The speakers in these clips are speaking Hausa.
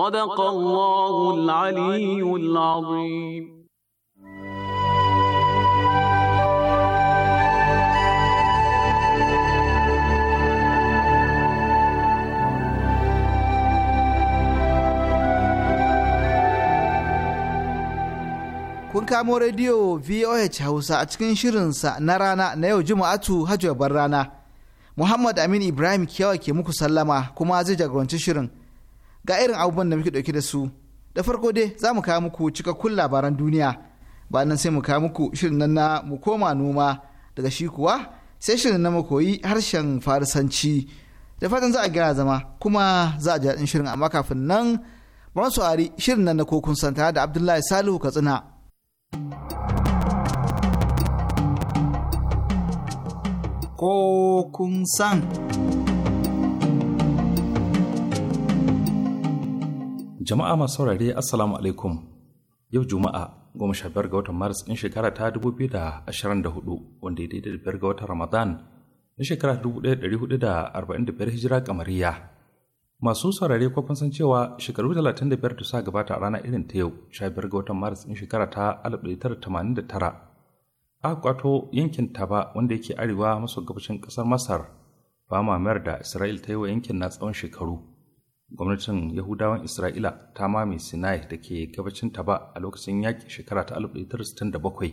صدق الله العلي العظيم kun kamo rediyo VOH Hausa a cikin shirinsa na rana na yau Juma'atu Hajjabar rana. Muhammad Amin Ibrahim Kiyawa ke muku sallama kuma zai jagoranci shirin. ga irin abubuwan da muke ɗauke da su da farko dai za mu kawo muku cikakkun labaran duniya ba nan sai mu kawo muku shirin nan na mu koma noma daga shi kuwa sai shirin na mu koyi harshen farisanci da fatan za a gyara zama kuma za a ji daɗin shirin amma kafin nan su ari shirin nan na kokun santa da abdullahi salihu katsina. Kokun san. Jama'a masu saurare Assalamu alaikum. Yau Juma'a goma sha biyar ga watan Maris ɗin shekara ta dubu biyu da ashirin da hudu wanda ya daidai da biyar ga watan Ramadan na shekara dubu ɗaya ɗari hudu da arba'in da biyar hijira kamariya. Masu saurare ko kun san cewa shekaru talatin da biyar da sa gabata a rana irin ta yau sha biyar ga watan Maris ɗin shekara ta alif ɗari tara tamanin da tara. Aka kwato yankin Taba wanda yake arewa maso gabashin ƙasar Masar ba mamayar da Isra'il ta yi wa yankin na tsawon shekaru. gwamnatin yahudawan isra'ila ta mame sinai da ke gabacin ta ba a lokacin yaƙi shekara ta 1967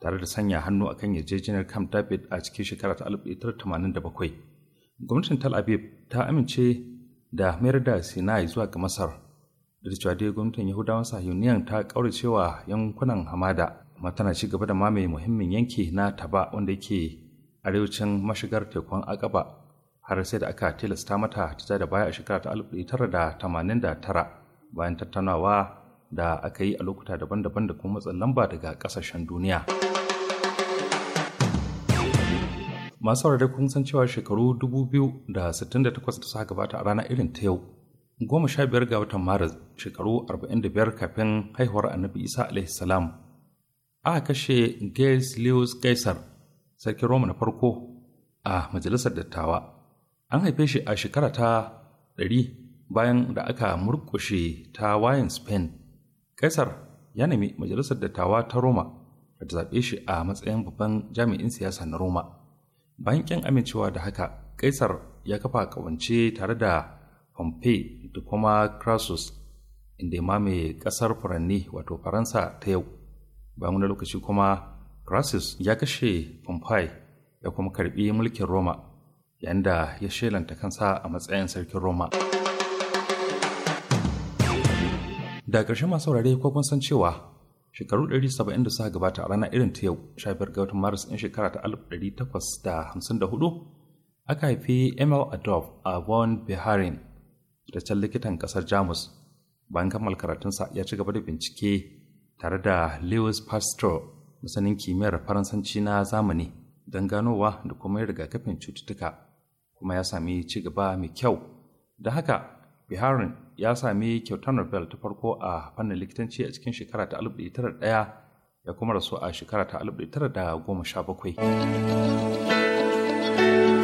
tare da sanya hannu akan yarjejeniyar camp david a cikin shekara ta 1987 gwamnatin Tal aviv ta amince da mayar da sinai zuwa ga masar da cewa dai gwamnatin yahudawan sahiyuniyan ta cewa yankunan hamada amma tana ci gaba da mame muhimmin yanki na taba wanda yake arewacin mashigar tekun akaba har sai da aka tilasta mata ta da baya a shekara ta 1989 bayan tattaunawa da aka yi a lokuta daban-daban da kuma matsin lamba daga kasashen duniya. Masu da kun san cewa shekaru 2068 da suka gabata a rana irin ta yau, goma sha biyar ga watan Maris shekaru 45 kafin haihuwar annabi Isa salam aka kashe Gaius Lewis Caesar, sarkin Roma na farko a majalisar dattawa an haife shi a shekara ta ɗari bayan da aka murkushe ta wayan spain kaisar ya nemi majalisar dattawa ta roma da ta zaɓe shi a matsayin babban jami'in siyasa na roma bayan ƙin amincewa da haka kaisar ya kafa ƙawance tare da pompey da kuma crassus inda ya mamaye ƙasar furanni wato faransa ta yau bayan wani lokaci kuma crassus ya kashe pompey ya kuma karɓi mulkin roma yanda ya shelanta kansa a matsayin sarkin Roma. Da ƙarshe masu saurare ko kun san cewa shekaru 170 da suka gabata a ranar irin ta yau 15 ga watan Maris ɗin shekara ta 1854 aka haifi Emil Adolf a Von Beharin da can likitan ƙasar Jamus. Bayan kammala karatunsa ya ci gaba da bincike tare da Lewis Pasteur masanin kimiyyar Faransanci na zamani don ganowa da kuma rigakafin cututtuka. kuma ya sami ci gaba mai kyau da haka biharin ya sami kyautar nobel ta farko a fannin likitanci a cikin shekara ta 1901 ya kuma rasu a shekara ta 1917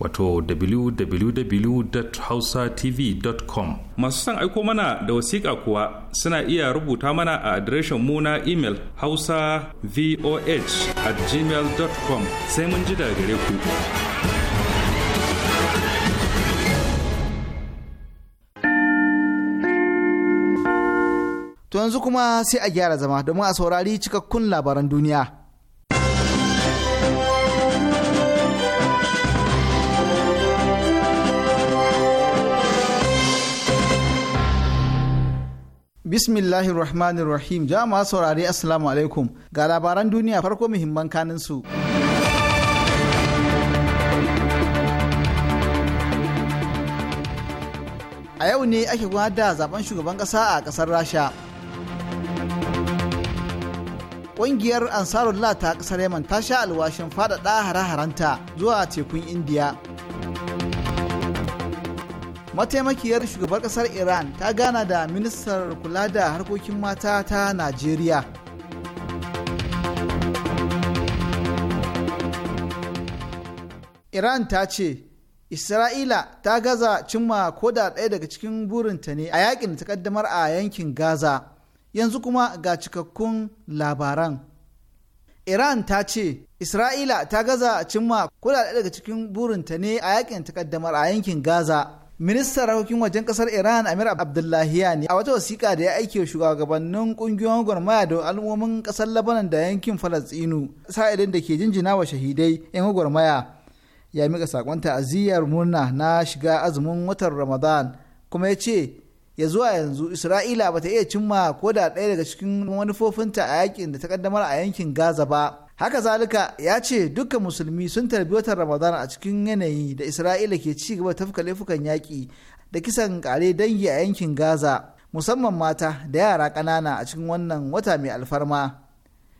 wato www.hausatv.com masu son aiko mana da wasiƙa kuwa suna iya rubuta mana a adireshin mu na imel hausa voh at gmail.com sai mun ji da gare ku to yanzu kuma sai a gyara zama domin a saurari cikakkun labaran duniya bismillahirrahmanirrahim Rahmanir Rahim. Jama'a saurari Assalamu alaikum. Ga labaran duniya farko muhimman kanin su. A yau ne ake gudanar da zaben shugaban ƙasa a ƙasar Rasha. Ƙungiyar Ansarullah ta ƙasar Yaman ta sha alwashin faɗaɗa hare-harenta zuwa tekun Indiya. mataimakiyar shugabar kasar iran ta gana da ministar kula da harkokin mata ta najeriya iran ta ce isra'ila ta gaza cimma koda ɗaya daga cikin burinta ne a yakin da ta kaddamar a yankin gaza yanzu kuma ga cikakkun labaran iran ta ce isra'ila ta gaza cimma koda ɗaya daga cikin burinta ne a yakin da ta kaddamar a yankin gaza ministan harkokin wajen kasar iran amir abdullahiya ne a wata wasiƙa da ya aike wa shugabannin ƙungiyoyin gwarmaya da al'ummomin kasar lebanon da yankin falastinu sa'idin da ke jinjina wa shahidai yan gwarmaya ya mika sakon ta'aziyyar murna na shiga azumin watan ramadan kuma ya ce ya zuwa yanzu isra'ila bata iya cimma ko da ɗaya daga cikin manufofinta a yakin da ta kaddamar a yankin gaza ba haka zalika ya ce dukkan musulmi sun tarbi watan ramadan a cikin yanayi da isra'ila ke ci gaba tafka laifukan yaƙi da kisan kare dangi a yankin gaza musamman mata da yara ƙanana a cikin wannan wata mai alfarma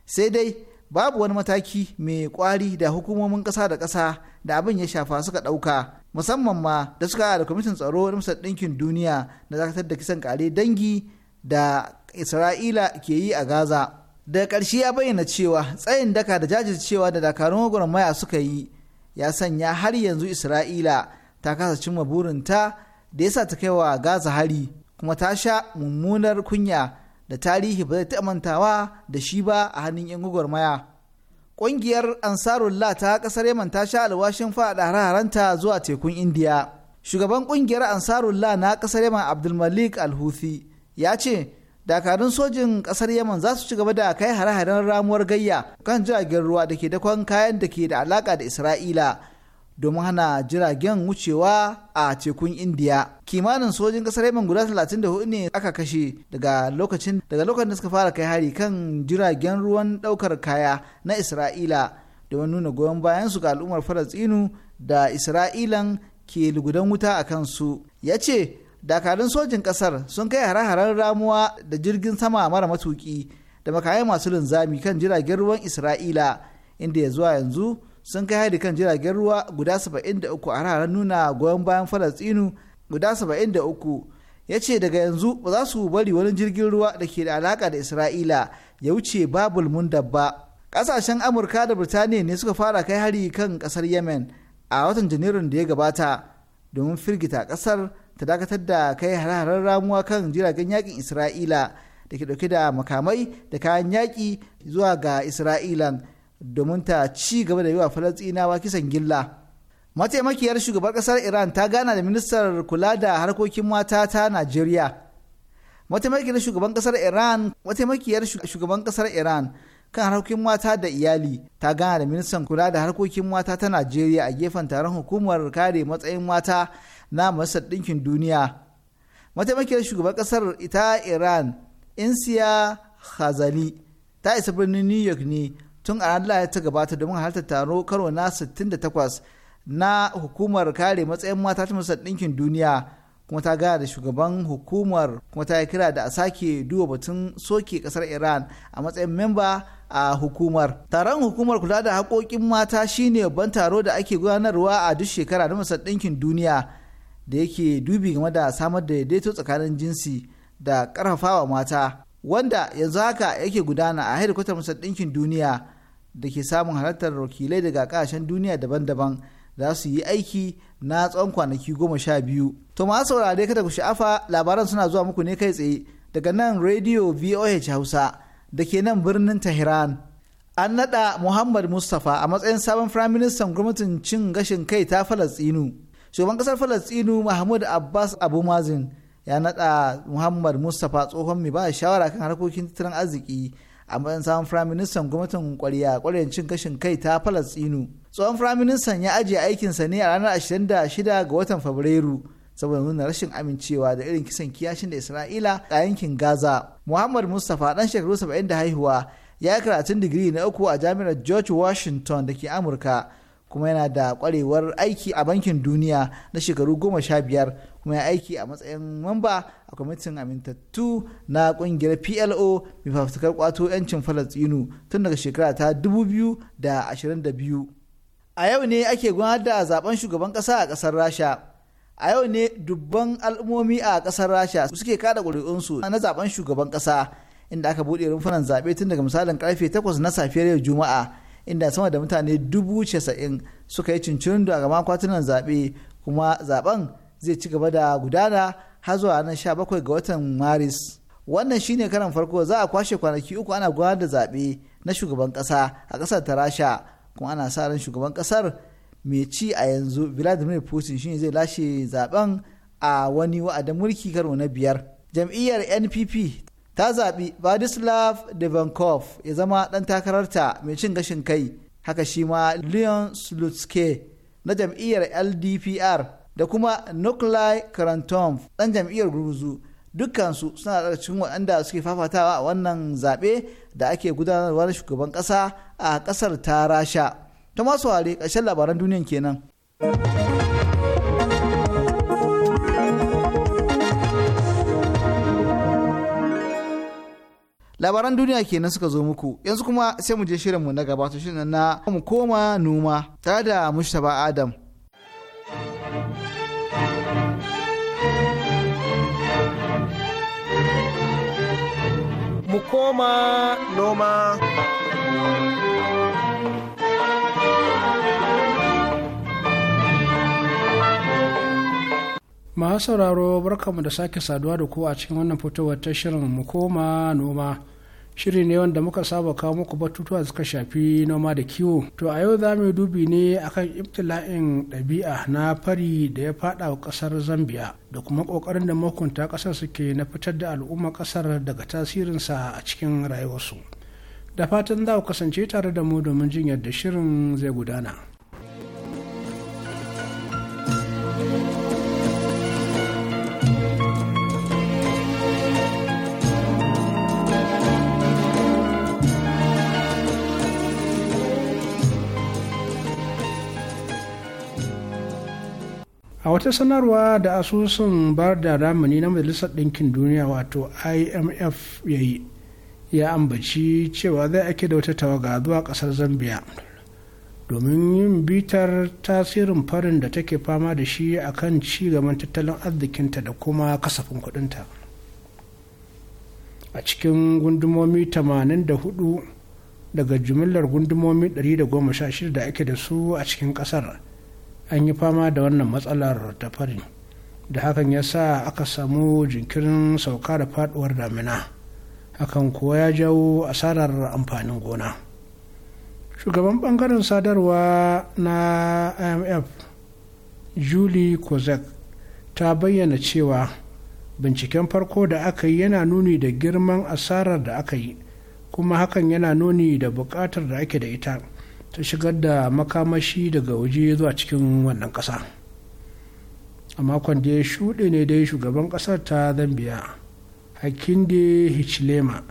sai dai babu wani mataki mai kwari da hukumomin ƙasa da ƙasa da abin ya shafa suka ɗauka musamman ma da suka da kwamitin tsaro na musar ɗinkin duniya da zakatar da kisan kare dangi da isra'ila ke yi a gaza daga ƙarshe ya bayyana cewa tsayin daka da jajircewa da dakarun gwagwarmaya suka yi ya sanya har yanzu isra'ila ta kasa cimma burinta da ya sa ta kai wa gaza hari kuma ta sha mummunar kunya da tarihi ba zai taɓa mantawa da shi ba a hannun 'yan gwagwarmaya ƙungiyar ansarullah ta ƙasar yaman ta sha alwashin faɗa hararanta zuwa tekun indiya shugaban ƙungiyar ansarullah na ƙasar yaman abdulmalik alhuthi ya ce dakarun sojin kasar yaman za su ci gaba da kai hare-haren ramuwar gayya kan jiragen ruwa da ke dakon kayan da ke da alaka da isra'ila domin hana jiragen wucewa a tekun indiya kimanin sojin kasar yaman guda 34 ne aka kashe daga lokacin lokacin da suka fara kai hari kan jiragen ruwan daukar kaya na isra'ila domin nuna goyon bayan su ga al'ummar falastinu da isra'ilan ke lugudan wuta a kansu ya ce dakarun sojin kasar sun kai hare-haren ramuwa da jirgin sama mara matuki da makamai masu linzami kan jiragen ruwan isra'ila inda ya zuwa yanzu sun kai hari kan jiragen ruwa guda 73 a hare nuna goyon bayan falastinu guda 73 ya ce daga yanzu ba za su bari wani jirgin ruwa da ke da alaka da isra'ila ya wuce babul mun ba ƙasashen amurka da birtaniya ne suka fara kai hari kan kasar yemen a watan janairun da ya gabata domin firgita kasar. ta dakatar da kai hare-haren ramuwa kan jiragen yakin isra'ila da ke dauke da makamai da kayan yaƙi zuwa ga isra'ilan domin ta ci gaba da yi wa falastinawa kisan gilla mataimakiyar shugabar ƙasar iran ta gana da ministar kula da harkokin mata ta najeriya mataimakiyar shugaban ƙasar iran mataimakiyar shugaban ƙasar iran kan harkokin mata da iyali ta gana da ministan kula da harkokin mata ta najeriya a gefen taron hukumar kare matsayin mata na masar ɗinkin duniya mataimakiyar shugaban ƙasar ita iran insiya khazali ta isa birnin new york ne tun a ranar ta gabata domin halarta taro karo na 68 na hukumar kare matsayin mata ta masar ɗinkin duniya kuma ta gaya da shugaban hukumar kuma ta yi kira da a sake duba batun soke kasar iran a matsayin memba a hukumar taron hukumar kula da haƙoƙin mata shine ban taro da ake gudanarwa a duk shekara na masar ɗinkin duniya da yake dubi game da samar da daidaito tsakanin jinsi da karfafawa mata wanda yanzu haka yake gudana a hedikwatar masar ɗinkin duniya da ke samun halartar wakilai daga ƙasashen duniya daban-daban za su yi aiki na tsawon kwanaki goma sha biyu. To ma saurare kada ku sha'afa labaran suna zuwa muku ne kai tsaye daga nan Radio VOH Hausa da ke nan birnin Tehran. An naɗa Muhammad Mustapha a matsayin sabon Firaministan gwamnatin cin gashin kai ta Falastinu. shugaban kasar falastinu mahmud abbas abu mazin ya nada muhammad mustapha tsohon mai ba shawara kan harkokin tattalin arziki a matsayin sabon firaministan gwamnatin kwarya kwaryan cin kashin kai ta falastinu tsohon firaministan ya ajiye aikinsa ne a ranar 26 ga watan fabrairu saboda nuna rashin amincewa da irin kisan kiyashin da isra'ila a yankin gaza muhammad mustapha dan shekaru 70 da haihuwa ya yi karatun digiri na uku a jami'ar george washington da ke amurka kuma yana da kwarewar aiki a bankin duniya na shekaru goma sha biyar kuma ya aiki a matsayin mamba a kwamitin amintattu na kungiyar plo mai fafutukar kwato 'yancin falastinu tun daga shekara ta 2022 a yau ne ake gudanar da zaben shugaban kasa a kasar rasha a yau ne dubban al'ummomi a kasar rasha suke kada ƙuri'unsu na zaben shugaban kasa inda aka buɗe rumfunan zaɓe tun daga misalin karfe 8 na safiyar yau juma'a inda sama da mutane dubu casa'in suka yi cincirindo a gaban kwatunan zaɓe kuma zaɓen zai ci gaba da gudana har zuwa ranar bakwai ga watan maris wannan shine karan farko za a kwashe kwanaki uku ana gudanar da zaɓe na shugaban ƙasa a ƙasar tarasha kuma ana sa ran shugaban ƙasar mai ci a yanzu vladimir putin shine zai lashe zaɓen a wani wa'adin mulki karo na biyar jam'iyyar npp ta zaɓi Vladislav Devankov ya zama ɗan takararta mai cin gashin kai haka shi ma Leon Slutske na jam'iyyar LDPR da kuma Nuklai Karantomf ɗan jam'iyyar Gurguzu dukansu suna daga cikin waɗanda suke fafatawa a wannan zaɓe da ake gudanarwa na shugaban ƙasa a ƙasar ta Rasha. Ta masu ware ƙarshen labaran duniyan kenan. labaran duniya kenan suka zo muku yanzu kuma sai mu je shirin mu na gaba to shirin na mu koma noma tare da mushtaba adam mu koma noma masu sauraro barkamu da sake saduwa da ku a cikin wannan fitowar ta shirin mu koma noma shiri ne wanda muka saba kawo muku batutuwa suka shafi noma da kiwo to a yau za mu dubi ne akan ibtila'in ɗabi'a na fari da ya fada wa ƙasar zambia da kuma ƙoƙarin da mahukunta ƙasar suke na fitar da al'umma ƙasar daga tasirinsa a cikin rayuwarsu da fatan za ku kasance tare da mu domin jin yadda shirin zai gudana. a wata sanarwa da asusun bar da ramani na majalisar ɗinkin duniya wato imf ya yi ya ambaci cewa zai ake da wata tawaga zuwa ƙasar zambia domin yin bitar tasirin farin da take fama da shi a kan ci gaban tattalin arzikinta da kuma kasafin kudinta a cikin gundumomi 84 daga jimillar gundumomi 116 da ake da su a cikin kasar an yi fama da wannan matsalar ta fari da hakan ya sa aka samu jinkirin sauka da faduwar damina hakan kuwa ya jawo asarar amfanin gona shugaban bangaren sadarwa na imf julie kozak ta bayyana cewa binciken farko da aka yi yana nuni da girman asarar da aka yi kuma hakan yana nuni da bukatar da ake da ita ta shigar da makamashi daga waje zuwa cikin wannan ƙasa a makon da ya shuɗe ne dai shugaban ƙasar ta zambiya hakinde hichilema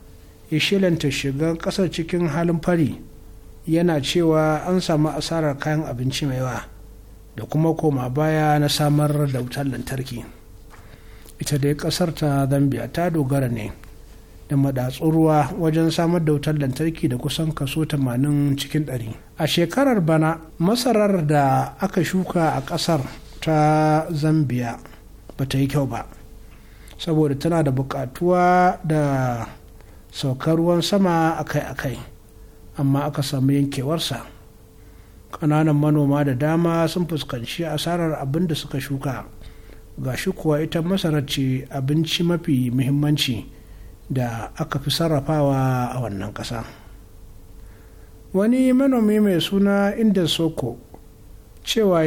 ya shilanta shigar ƙasar cikin halin fari yana cewa an samu asarar kayan abinci mai yawa da kuma koma baya na samar da wutar lantarki ita dai ƙasar ta zambiya ta dogara ne da madatsun ruwa wajen samar da wutar lantarki da kusan kaso 80 cikin 100 a shekarar bana masarar da aka shuka a kasar ta zambia ba ta yi kyau ba saboda tana da bukatuwa da saukar ruwan sama akai-akai amma aka samu yankewarsa ƙananan manoma da dama sun fuskanci asarar abin da suka shuka ga shi kuwa ita masarar ce abinci mafi muhimmanci da aka fi sarrafawa a wannan ƙasa wani manomi mai suna inda soko cewa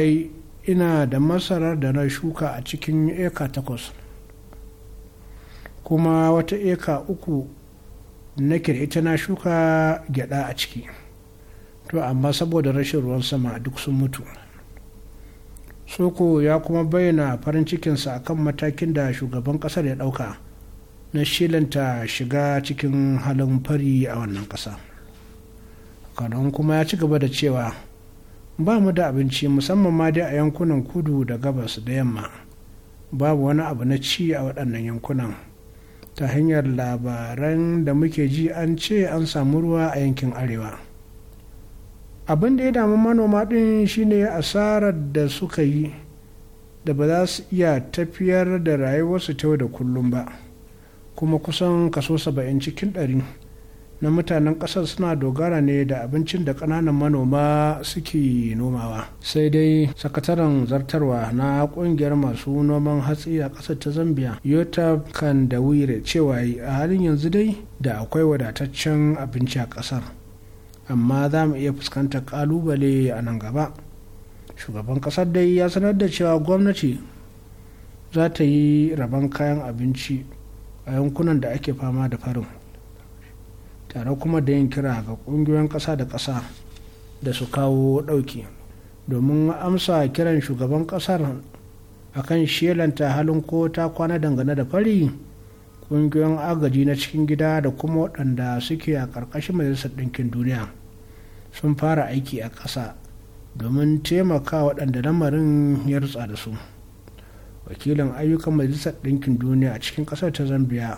ina da masarar da na shuka a cikin eka takwas kuma wata eka uku na ita na shuka gyada a ciki to amma saboda rashin ruwan sama duk sun mutu soko ya kuma bayyana farin cikinsa akan matakin da shugaban kasar ya ɗauka. na shilanta shiga cikin halin fari a wannan ƙasa kanon kuma ya ci gaba da cewa ba mu da abinci musamman ma dai a yankunan kudu da gabas da yamma babu wani abu na ci a waɗannan yankunan ta hanyar labaran da muke ji an ce an samu ruwa a yankin arewa abin da ya damu manoma ɗin shine asarar da suka yi da ba za su iya tafiyar da rayuwarsu ta da kullum ba. kuma kusan kaso 70 cikin ɗari na mutanen ƙasar suna dogara ne da abincin da ƙananan manoma suke nomawa sai dai sakataren zartarwa na ƙungiyar masu noman hatsi a ƙasar ta zambia yota kandawire cewa a halin yanzu dai da akwai wadataccen abinci a ƙasar amma za mu iya fuskantar ƙalubale a nan gaba shugaban ƙasar dai ya sanar da cewa gwamnati za ta yi rabon kayan abinci a yankunan da ake fama da farin tare kuma da yin kira ga kungiyoyin kasa da kasa da su kawo ɗauki domin amsa kiran shugaban ƙasar a kan shelanta halin ko ta kwana dangane da fari ƙungiyoyin agaji na cikin gida da kuma waɗanda suke a ƙarƙashin majalisar ɗinkin duniya sun fara aiki a ƙasa domin taimaka waɗanda lamarin ya rutsa da su. wakilin ayyukan majalisar ɗinkin duniya a cikin ƙasar ta zambia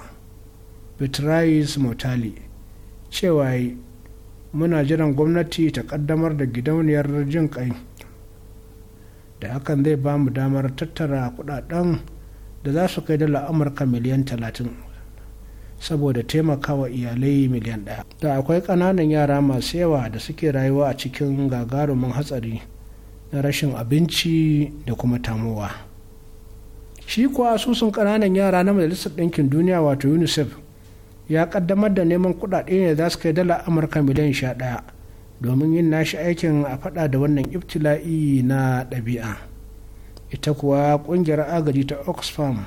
petrais motali cewa muna jiran gwamnati ta ƙaddamar da gidauniyar jin ƙai da hakan zai ba mu damar tattara kudaden da za su kai dala amurka miliyan 30 saboda taimakawa iyalai miliyan 1. da akwai ƙananan yara masu yawa da suke rayuwa a cikin gagarumin hatsari na rashin abinci da kuma tamowa. shi kuwa asusun ƙananan yara na majalisar ɗinkin duniya wato unicef ya ƙaddamar da neman kuɗaɗe ne za su kai dala amurka miliyan sha ɗaya domin yin nashi aikin a faɗa da wannan ibtila'i na ɗabi'a ita kuwa ƙungiyar agaji ta oxfam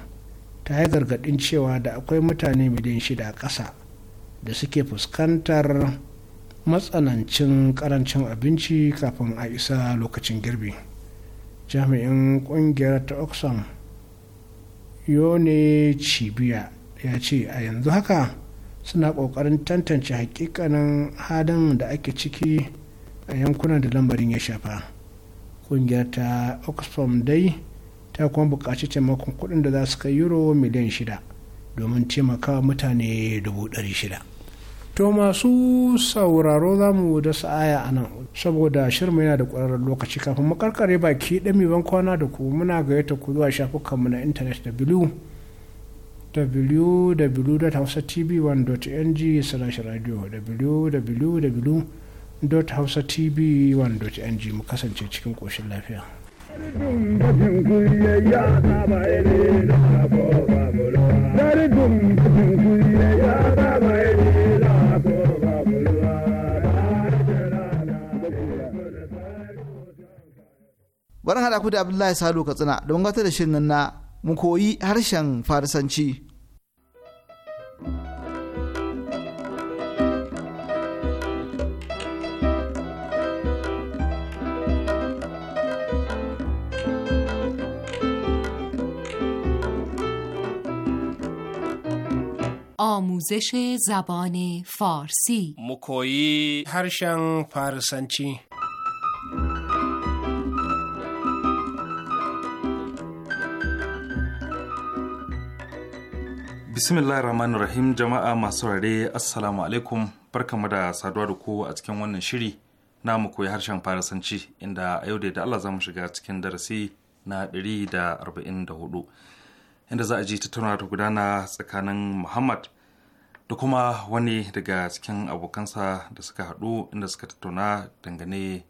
ta yi gargaɗin cewa da akwai mutane miliyan shida a ƙasa da suke fuskantar matsanancin ƙarancin abinci kafin a isa lokacin girbi jami'in ƙungiyar ta oxfam yone cibiya ya ce a yanzu haka suna ƙoƙarin tantance hakikanin halin da ake ciki a yankunan da lambarin ya shafa ƙungiyar ta oxfam dai ta kuma buƙaci taimakon kuɗin da za su kai euro miliyan shida domin taimakawa mutane dubu ɗari shida to masu sauraro za mu da sa'aya a nan saboda shirma yana da ƙwararren lokaci kafin makarkare baki ɗami ban kwana da ku muna gayyata ku zuwa shafukanmu na intanet da w www.hausatv1.ng slash radio www.hausatv1.ng mu kasance cikin ƙoshin lafiya. bari haɗa ku da abdullahi salo katsina don wata da shirin na mu koyi harshen farisanci آموزش زبان فارسی مکویی هرشن فارسنچی rahim jama'a masu rare assalamu alaikum barkamu da saduwa da ku a cikin wannan shiri na mu koyi harshen farasanci inda a yau da Allah za mu shiga cikin darasi na ɗari da da arba'in 144 inda za a ji tattauna ta gudana tsakanin Muhammad da kuma wani daga cikin abokansa da suka haɗu inda suka tattauna dangane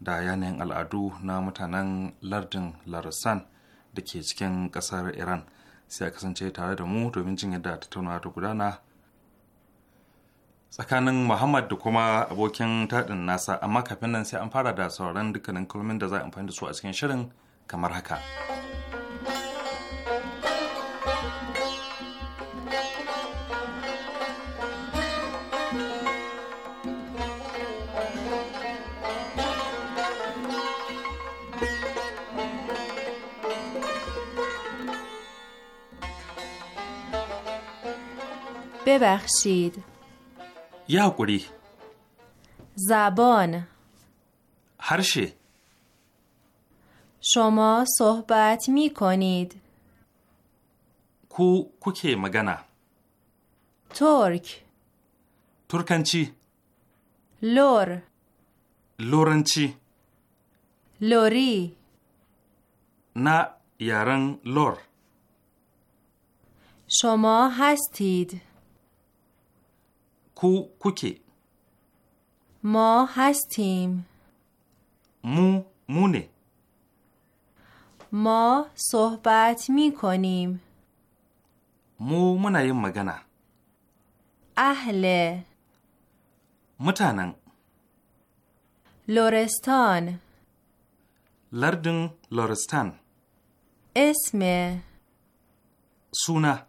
da yanayin al'adu na mutanen lardin Larasan da ke cikin ƙasar Iran. sai a kasance tare da mu domin jin yadda tattaunawa ta gudana tsakanin muhammad da kuma abokin taɗin nasa amma kafin nan sai an fara da sauran dukkanin kalmomin da za a amfani da su a cikin shirin kamar haka. ببخشید یه گری زبان هرشه شما صحبت می کنید کو کوکه مگنه ترک چی؟ لور چی؟ لوری نه یارن لور شما هستید کو کوکی ما هستیم مو مونه ما صحبت می کنیم مو منایم مگنا اهل متانن لورستان لردن لورستان اسم سونا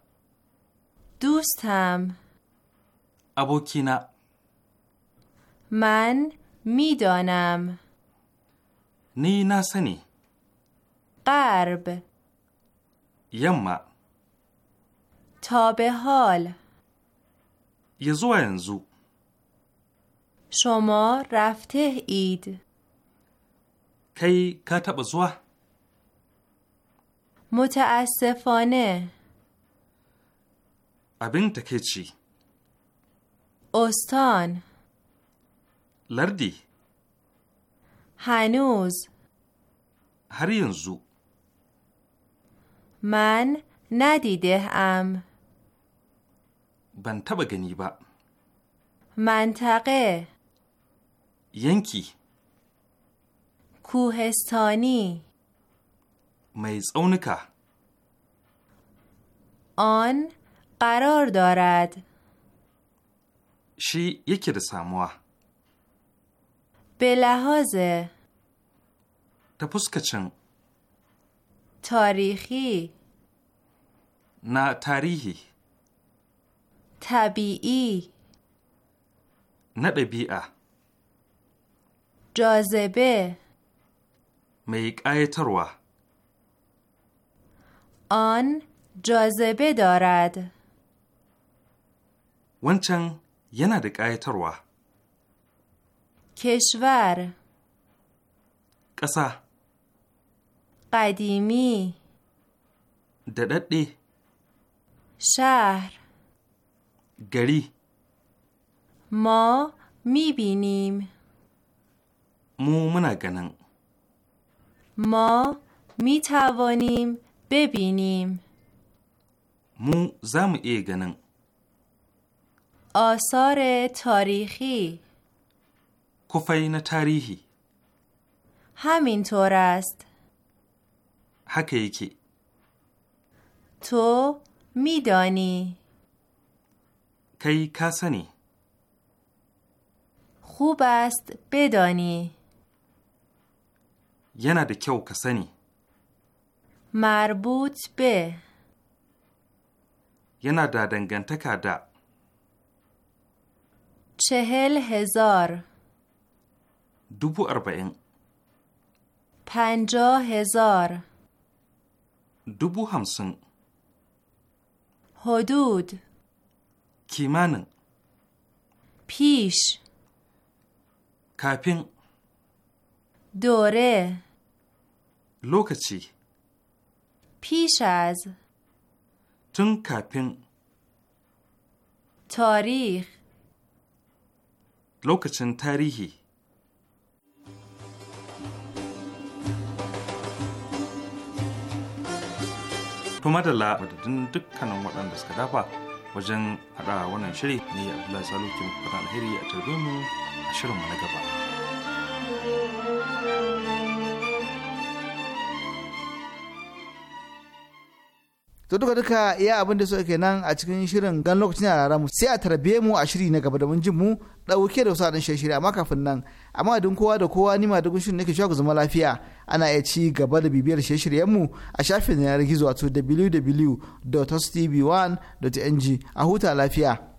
دوستم ابوکینا من میدانم نی نسنی قرب یما تا به حال یزو انزو شما رفته اید کی کتب زوه متاسفانه ابن چی؟ استان لردی هنوز هر ینزو من ندیده ام بنت گنی منطقه ینکی کوهستانی میز اونکا آن قرار دارد شی یکی ده به لحاظ کچن تاریخی نه تاریخی طبیعی نه جازبه. جاذبه می تروه آن جاذبه دارد ونچن yana da ƙayatarwa. Keshwar ƙasa Ƙadimi daɗaɗɗe Shar. gari Ma mibinim Mu muna ganin Ma mitawonim bebinim Mu za mu iya ganin. آثار تاریخی کفین تاریخی همینطور است حقیقی تو میدانی کی کسنی خوب است بدانی یه نده کیو کسنی مربوط به یه نده دنگنتکه ده چهل هزار دوبو اربعین پنجا هزار دوبو همسن حدود کیمان پیش کپین دوره لوکچی پیش از تن کپین تاریخ lokacin tarihi to da madadin dukkanin waɗanda suka dafa wajen haɗa wannan shiri ne abdullahi Salukin Fadar alheri a Tarbimu mu a shirinmu na gaba. to duka duka iya abin da suka kenan a cikin shirin gan lokacin a mu sai a tarbe mu a shiri na gaba da mun jin mu dauke da wasu shirye shirye amma kafin nan amma don kowa da kowa ni ma da gunshin nake shaku zama lafiya ana iya ci gaba da bibiyar shirye-shiryen mu a shafin yanar gizo wato www.tv1.ng a huta lafiya.